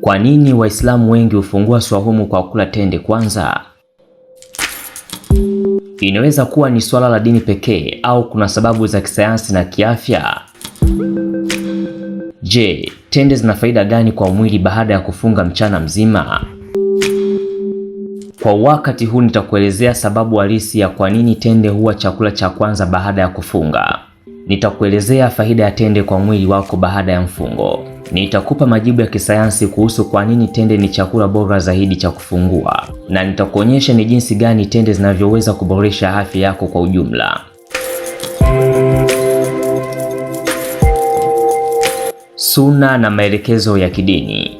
Kwa nini Waislamu wengi hufungua swaumu kwa kula tende kwanza? Inaweza kuwa ni swala la dini pekee au kuna sababu za kisayansi na kiafya? Je, tende zina faida gani kwa mwili baada ya kufunga mchana mzima? Kwa wakati huu nitakuelezea sababu halisi ya kwa nini tende huwa chakula cha kwanza baada ya kufunga. Nitakuelezea faida ya tende kwa mwili wako baada ya mfungo. Nitakupa majibu ya kisayansi kuhusu kwa nini tende ni chakula bora zaidi cha kufungua na nitakuonyesha ni jinsi gani tende zinavyoweza kuboresha afya yako kwa ujumla. Suna na maelekezo ya kidini.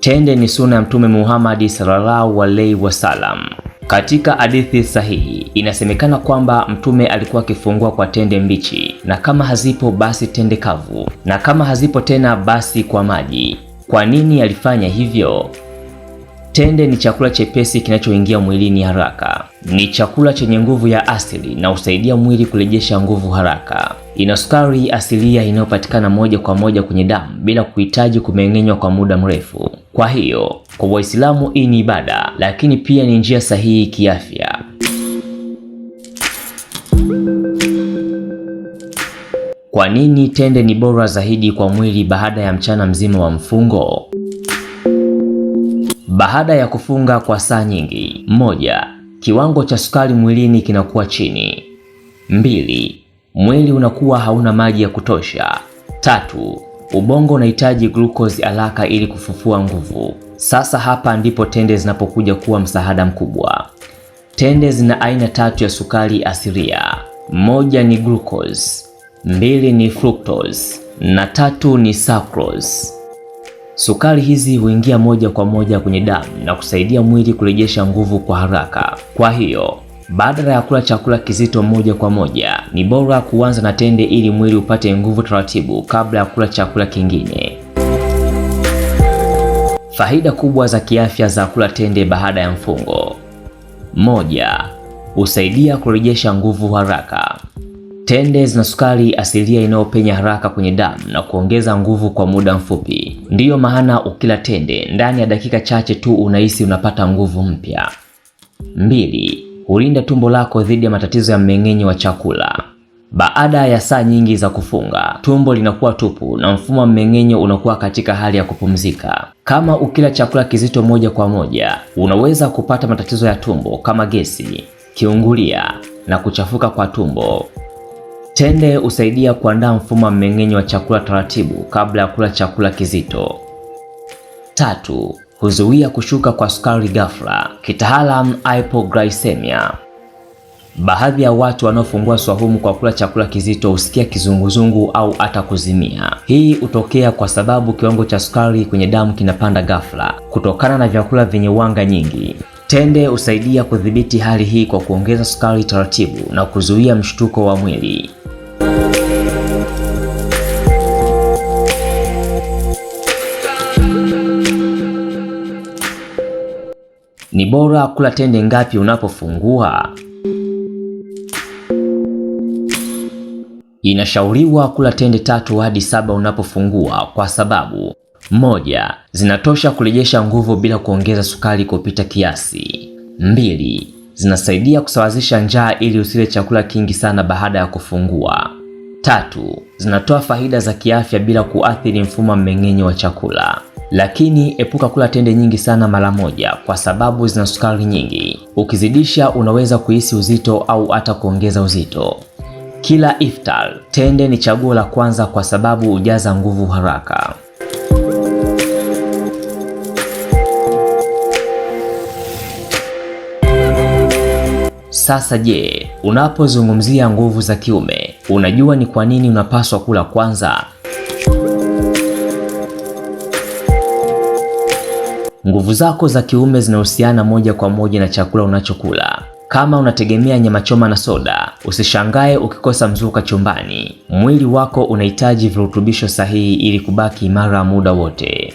Tende ni suna ya Mtume Muhammad sallallahu alaihi wasallam. Katika hadithi sahihi inasemekana kwamba Mtume alikuwa akifungua kwa tende mbichi, na kama hazipo basi tende kavu, na kama hazipo tena basi kwa maji. Kwa nini alifanya hivyo? Tende ni chakula chepesi kinachoingia mwilini haraka. Ni chakula chenye nguvu ya asili na husaidia mwili kurejesha nguvu haraka. Ina sukari asilia inayopatikana moja kwa moja kwenye damu bila kuhitaji kumeng'enywa kwa muda mrefu. Kwa hiyo, kwa Waislamu hii ni ibada, lakini pia ni njia sahihi kiafya. Kwa nini tende ni bora zaidi kwa mwili baada ya mchana mzima wa mfungo? baada ya kufunga kwa saa nyingi. Moja, kiwango cha sukari mwilini kinakuwa chini. Mbili, mwili unakuwa hauna maji ya kutosha. Tatu, ubongo unahitaji glucose haraka ili kufufua nguvu. Sasa hapa ndipo tende zinapokuja kuwa msaada mkubwa. Tende zina aina tatu ya sukari asilia. Moja ni glucose, mbili ni fructose na tatu ni sucrose. Sukari hizi huingia moja kwa moja kwenye damu na kusaidia mwili kurejesha nguvu kwa haraka. Kwa hiyo badala ya kula chakula kizito moja kwa moja, ni bora kuanza na tende ili mwili upate nguvu taratibu kabla ya kula chakula kingine. Faida kubwa za kiafya za kula tende baada ya mfungo. Moja, husaidia kurejesha nguvu haraka. Tende zina sukari asilia inayopenya haraka kwenye damu na kuongeza nguvu kwa muda mfupi. Ndiyo maana ukila tende ndani ya dakika chache tu unahisi unapata nguvu mpya. Mbili, hulinda tumbo lako dhidi ya matatizo ya mmeng'enyo wa chakula. Baada ya saa nyingi za kufunga, tumbo linakuwa tupu na mfumo wa mmeng'enyo unakuwa katika hali ya kupumzika. Kama ukila chakula kizito moja kwa moja, unaweza kupata matatizo ya tumbo kama gesi, kiungulia na kuchafuka kwa tumbo. Tende husaidia kuandaa mfumo wa mmeng'enyo wa chakula taratibu kabla ya kula chakula kizito. Tatu, huzuia kushuka kwa sukari ghafla, kitaalam hypoglycemia. Baadhi ya watu wanaofungua swahumu kwa kula chakula kizito husikia kizunguzungu au hata kuzimia. Hii hutokea kwa sababu kiwango cha sukari kwenye damu kinapanda ghafla kutokana na vyakula vyenye wanga nyingi. Tende husaidia kudhibiti hali hii kwa kuongeza sukari taratibu na kuzuia mshtuko wa mwili. Ni bora kula tende ngapi unapofungua? Inashauriwa kula tende tatu hadi saba unapofungua kwa sababu moja, zinatosha kurejesha nguvu bila kuongeza sukari kupita kiasi. Mbili, zinasaidia kusawazisha njaa ili usile chakula kingi sana baada ya kufungua. Tatu, zinatoa faida za kiafya bila kuathiri mfumo wa mmeng'enyo wa chakula lakini epuka kula tende nyingi sana mara moja, kwa sababu zina sukari nyingi. Ukizidisha unaweza kuhisi uzito au hata kuongeza uzito. Kila iftar, tende ni chaguo la kwanza kwa sababu hujaza nguvu haraka. Sasa je, unapozungumzia nguvu za kiume, unajua ni kwa nini unapaswa kula kwanza Nguvu zako za kiume zinahusiana moja kwa moja na chakula unachokula. Kama unategemea nyama choma na soda, usishangae ukikosa mzuka chumbani. Mwili wako unahitaji virutubisho sahihi ili kubaki imara muda wote.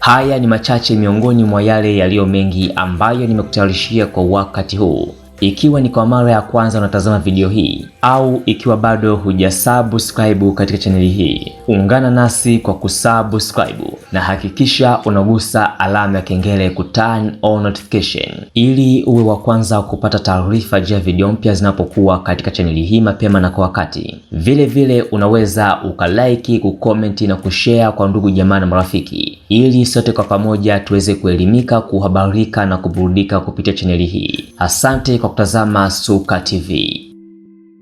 Haya ni machache miongoni mwa yale yaliyo mengi ambayo nimekutayarishia kwa wakati huu. Ikiwa ni kwa mara ya kwanza unatazama video hii au ikiwa bado hujasubscribe katika chaneli hii, ungana nasi kwa kusubscribe na hakikisha unagusa alama ya kengele ku turn on notification ili uwe wa kwanza kupata taarifa juu ya video mpya zinapokuwa katika chaneli hii mapema na kwa wakati. Vile vile unaweza ukalaiki, kukomenti na kushare kwa ndugu jamaa na marafiki ili sote kwa pamoja tuweze kuelimika, kuhabarika na kuburudika kupitia chaneli hii. Asante kwa kutazama Suka TV.